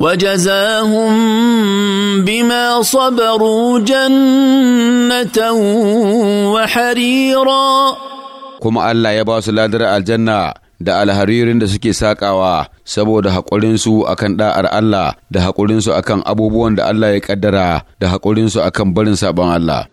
وجزاهم بما صبروا Kuma Allah ya الله يباس لادر الجنة da alharirin da suke saƙawa saboda haƙurinsu kan ɗa'ar Allah da haƙurinsu akan abubuwan da Allah ya ƙaddara da haƙurinsu akan barin saɓon Allah.